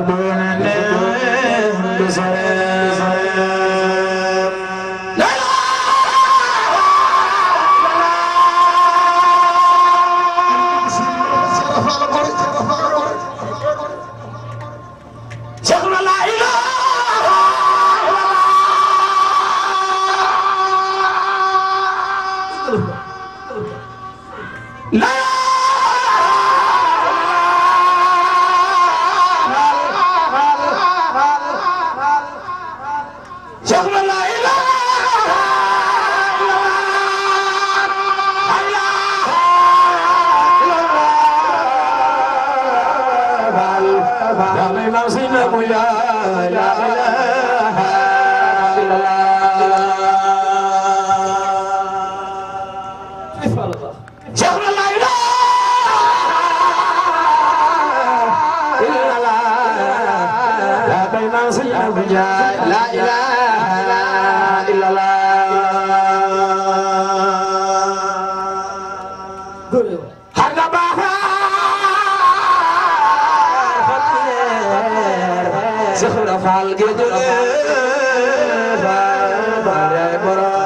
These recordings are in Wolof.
Barcelona al gi jëlee fa bare borom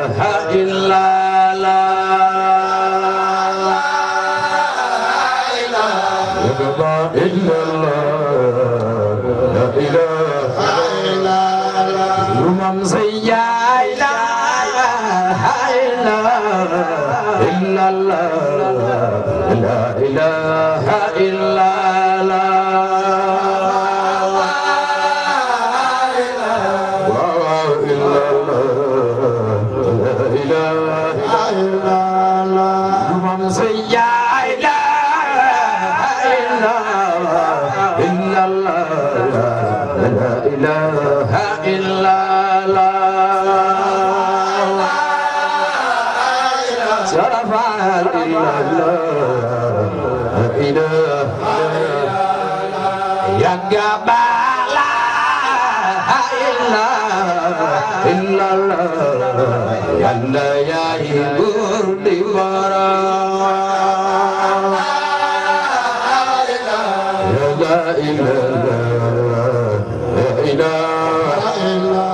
إله إلا yalla yaay buur di borom la ilaha illa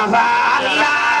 allah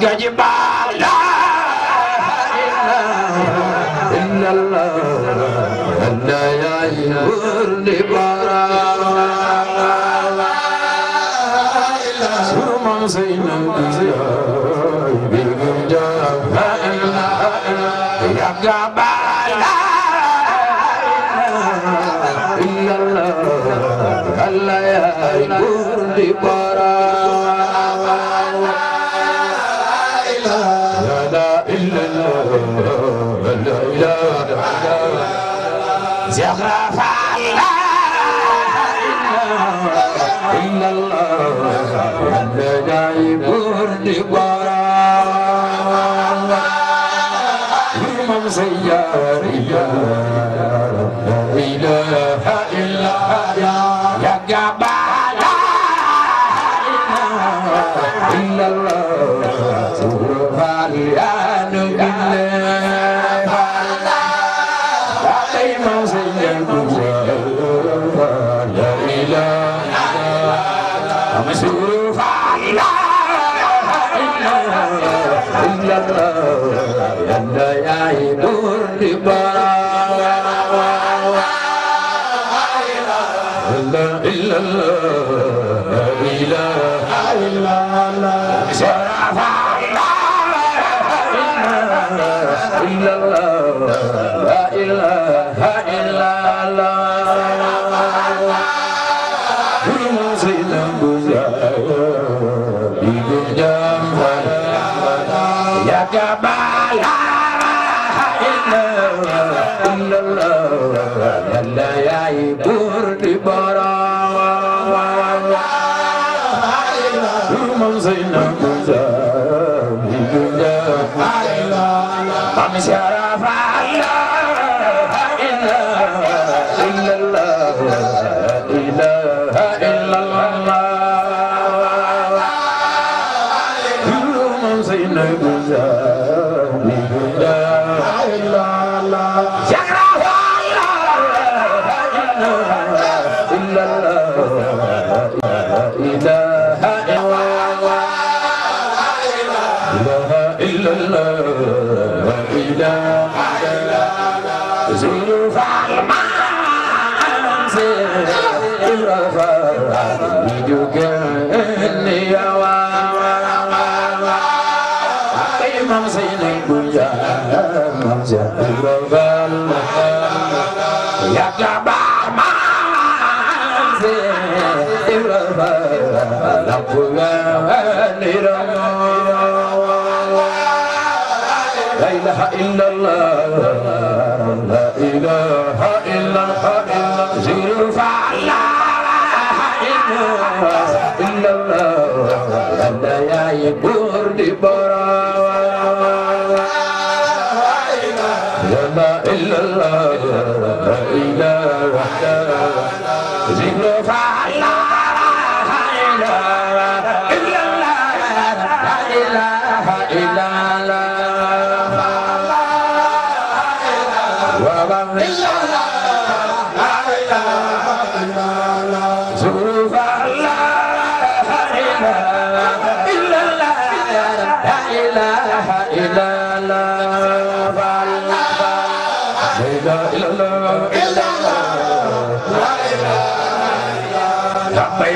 جاجي با لا اله الا الله انت يا ورني بارا سرمان زينا بيرم جا لا اله يا جابا لا اله الا الله الله يا ورني بارا زياري يا رب لا إله إلا الله لا إله إلا الله إلا الله لا إله إلا الله كل سيدنا بجام يا جبال إلا الله لا يبور ببرار زينب زاوي جندا مام شرف الله إلا إلا الله Sëriñ Bunja Maam Cheikh Ibra Fall yàgg ba Maam Cheikh Ibra Fall lamp nga niram la ilaha illa Allah la ilaha illa Allah Sëriñ Fall la ilaha illa Allah yàlla yaay buur di borom إله إلا الله لا إله إلا الله ذكر فعلا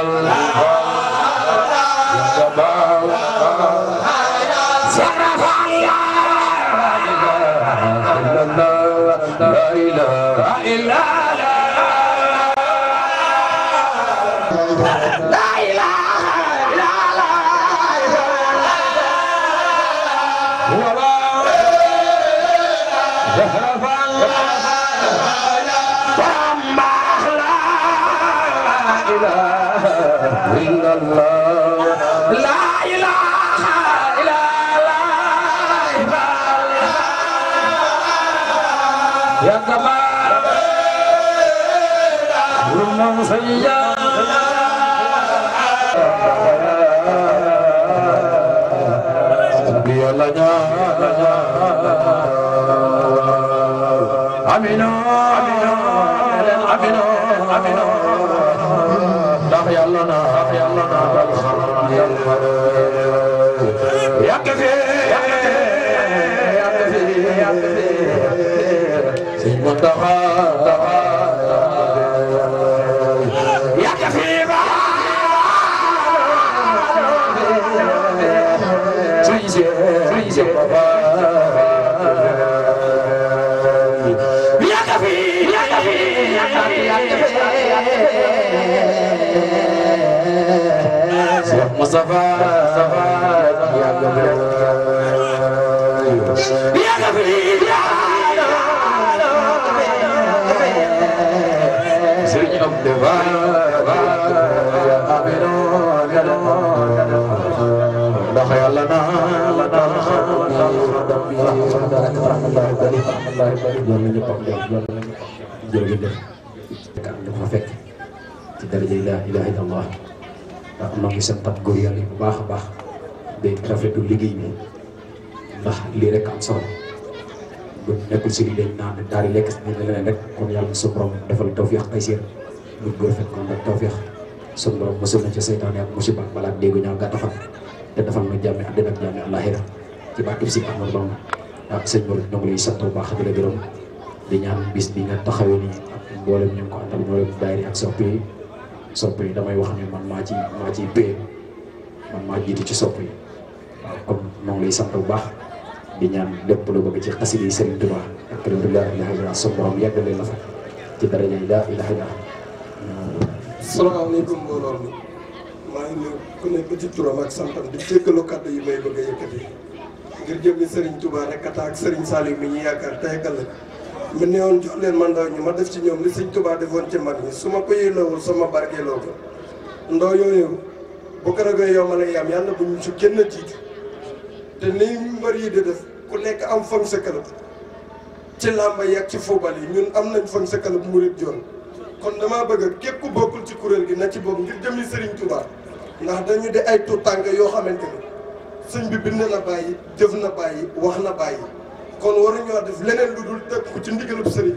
لا إله إلا Amina Amina Amina Amina يا الله يا الله يا الله يا كفي يا كفي يا كفي يا كفي سيد منتخب يا كفي Freeze it, freeze it, Mustafa ya Gabriel ya Gabriel Serigne Abdou Ba ya amino ya no ndax yàlla na la na la la la la ndax noo ngi santat góor yàlla bu baax a baax day rafetlu liggéey bi ndax lii rek am solo bu nekkul si li dañ naan daal di lekk ne leneen rek kon yàlla su borom defal ay séer mun góor fekk kon rek tawfeex su borom mosul na ak musiba ak balaa déggu ñaaw gàtt te defal na jàmmi àddina ak jàmmi àllaaxira ci barkeb si Ahmadu Bamba ah sëñ Mor bu baax la di ñaan bis bi nga taxawee nii ak mboolem ñu ngi ko àndal mboolem daayira ak soppi sopp yi damay wax ne man maa ci maa ciy béy man maa jiitu ci sopp yi waaw comme moo bu baax di ñaan lépp lu bëgg ci xasida yi Serigne Touba ak kër yi laa ilaha illa sa borom yàggalee la fa ci daraja yi laa ilaha ngi nuyu ku nekk di jéggalu kàddu yi may bëgg a yëkkati ngir jëm ni Serigne Touba rek ak Serigne Saliou mi ñu yaakaar tey ak ëllëg mu ne jox leen man ndaw ñi ma def ci ñoom li sëñ Tuubaa defoon ci mag ñi su ma ko yëloowul sama barkeeloo ko ndaw yooyu bu ko ragee yow ma lay yam yàlla bu ñu ci kenn tiitu te ni mbër yi di def ku nekk am fan sa club ci làmba yeeg ci football yi ñun am nañ fan sa club murit joon kon damaa bëgg képp bokkul ci kuréel gi na ci bokk ngir jëmi sëriñ Tuubaa ndax dañu di ay tuut tànk yoo xamante ni sëñ bi bind na bàyyi jëf na bàyyi wax na bàyyi kon waruñoo def leneen lu dul dëkk ci ndigalub sëriñ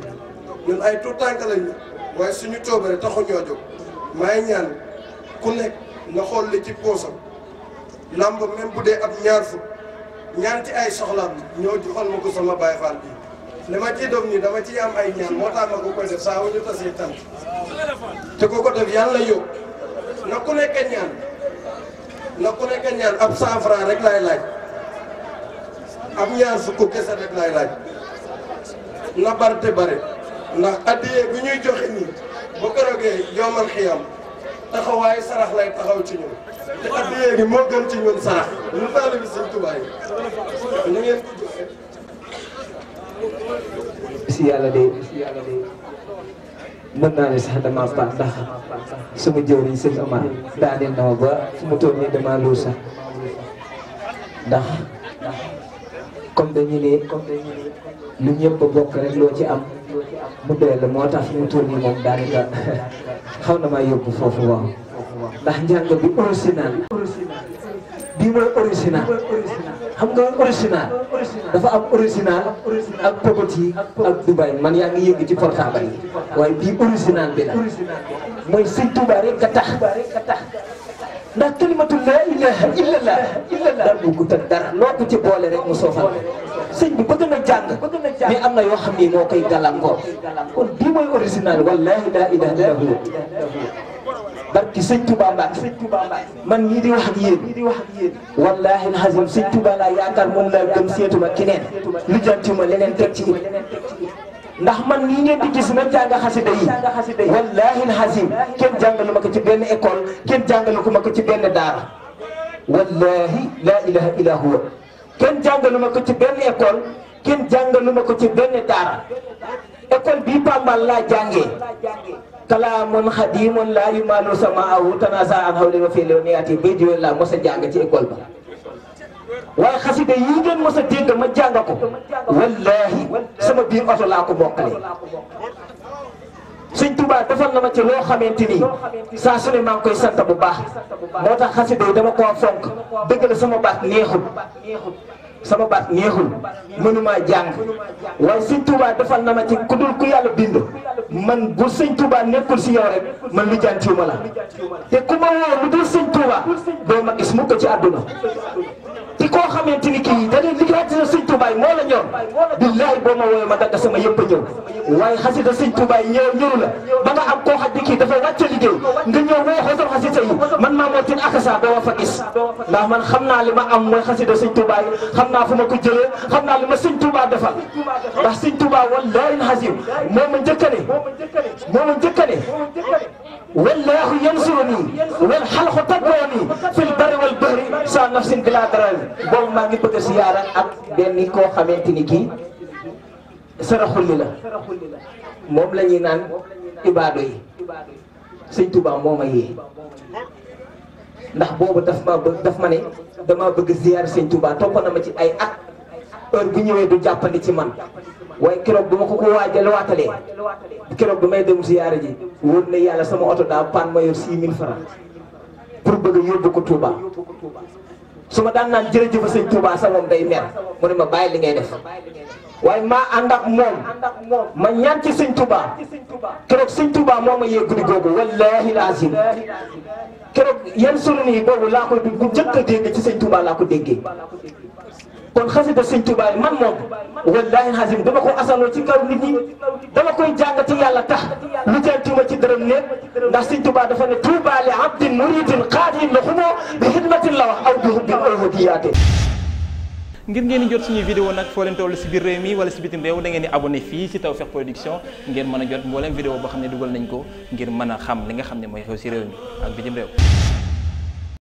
bi ñun ay tuut tànk lañu waaye suñu coobare taxuñoo jóg maay ñaan ku nekk na xool li ci poosam lamb même bu dee ab ñaar fukk ñaan ci ay soxlaam ñoo joxal ma ko sama Baay Faal bi ni ma ciy doom nii dama ciy am ay ñaan moo tax ma ko koy def saa wu tasee tant te ku ko def yàlla yóbbu na ku nekk ñaan na ku nekk ñaan ab cent franc rek laay laaj am su fukk kese rek laay laaj na barte bare ndax addiyee bi ñuy joxe nii bu keroogee yoomal xiyam taxawaayu sarax lay taxaw ci ñun te addiyee gi moo gën ci sarax ñun taalibi Sëñ Tuubaa yi ñu ngeen ko joxe si yàlla de naa ne sax damaa baax ndax sama jëwriñ sëñ Omar daaneel na ma ba fu mu toll nii damaa luur sax ndax comme dañu ne lu ñëpp bokk rek loo ci am mu doy la moo tax ñu tourné moom daanaka xaw na maa yóbbu foofu waaw ndax njàng bi original bii mooy original xam nga original dafa am original ak pogoti ak Dubaï man yaa ngi yëg ci portable yi waaye bii original bi la mooy sëñ Tuuba rek ka tax ndax kalimatul la ilaha illallah daal du ko tënk dara loo ko ci boole rek mu soofal sëñ bi bëgg na jàng mais am na yoo xam ni moo koy gàllankoor kon bii mooy original wallahi laa ilaha illa hu barki sëñ Touba Mbacke sëñ man ñii di wax ak yéen ñii di wax ak yéen wallaahi alhazim sëñ Touba laa yaakaar moom laa gëm seetuma keneen lu jantuma leneen teg ci ndax man nii ngeen di gis na jàng xasida yi wallaahi alhazim kenn jàngalu ma ko ci benn école kenn jàngalu ko ma ci benn daar wallahi laa ilaha illa huwa kenn jàngaluma ko ci benn école kenn jàngaluma ko ci benn daara école bii Pambal laa jànge kalaamun xadimun laa yumaalu samaahu tanasa an hawli wa fiili wa niyaati bay diwén laa mos a jàng ci école ba waaye xasida yi ngeen mos a ma jàng ko wallahi sama bii oto laa ko mokkale sëñ Touba defal na ma ci loo xamante ni saa su ne maa ngi koy sant bu baax moo tax xasida yi dama koo fonk dëgg la sama baat neexul sama baat neexul mënumaa jàng waaye sëñ Touba defal na ma ci ku dul ku yàlla bind man bu sëñ Touba nekkul si yow rek man lu jàntiwuma la te ku ma woo lu dul sëñ Touba doo ma gis mukk ci àdduna ci koo xamante ni kii da dee liggéeyati na sëñ tubaay moo la ñor billaay boo ma woowee dagg sama yëpp a ñëw waaye xasida sëñ tubaay ñëw ñëru la ba nga am koo xam ne kii dafa wàcc liggéey nga ñëw woo xosal xasida yi man maa moo tin akasa doo fa gis ndax man xam naa li ma am mooy xasida sëñ tubaay xam naa fu ma ko jëlee xam naa li ma sëñ tubaa defal ndax sëñ tubaa wallaahi xasim moo ma njëkkane moo ma njëkkane wallaahu yansuruni wal xalqu sa nafsin bila darar boobu maa ngi bëgg a siyaara ak benn koo xamante ni kii saraxulli la moom la ñuy naan ibaado yi sëñ Tuubaa moo ma yee ndax boobu daf ma bëgg daf ma ne dama bëgg ziyaar sëñ Tuubaa topp na ma ci ay at heure bu ñëwee du jàppandi ci man waaye keroog bu ma ko ko waajal waatalee keroog bu may dem ziyaara ji wóor na yàlla sama oto daa paan ma yor 6000 francs pour bëgg yóbbu ko Touba su ma daan naan jërëjëf sëñ Touba sa moom day mer mu ne ma bàyyi li ngay def waaye maa ànd ak moom ma ñaan ci sëñ Touba keroog sëñ Touba moo ma yee guddi googu la laazim keroog yan sunu nii boobu laa ko bu njëkk a dégg ci sëñ Touba laa ko déggee. kon xasida sëñ Tuubaa yi man moom wallaahi xasim dama ko asaloo ci kaw nit ñi dama koy jàng ci yàlla tax lu jantuma ci dërëm néeg ndax sëñ Tuubaa dafa ne Tuubaa li abdin muridin xaadin la xumoo bi xidmatin la wax aw bi hubbin awhudiyaate ngir ngeen di jot suñuy vidéo nag foo leen si biir réew mi wala si bitim réew da ngeen di abonné fii si Tawfekh Production ngeen mën a jot mbooleem vidéo boo xam ne dugal nañ ko ngir mën a xam li nga xam ne mooy xew si réew mi ak bitim réew